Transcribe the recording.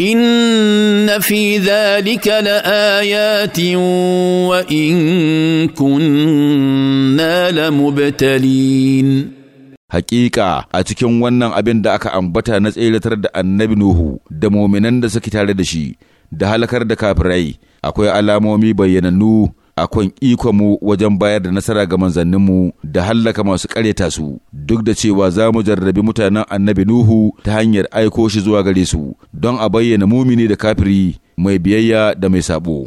ان في ذلك لايات وان كنا لمبتلين Hakika a cikin wannan abin da aka ambata na tseratar da annabi Nuhu da mominan da suke tare da shi da halakar da kafirai akwai alamomi bayyanannu akan ikonmu wajen bayar da nasara ga manzanninmu da hallaka masu ƙareta su duk da cewa za mu jarrabi mutanen annabi Nuhu ta hanyar aiko shi zuwa gare su don a bayyana mumini da kafiri mai biyayya da mai sabo.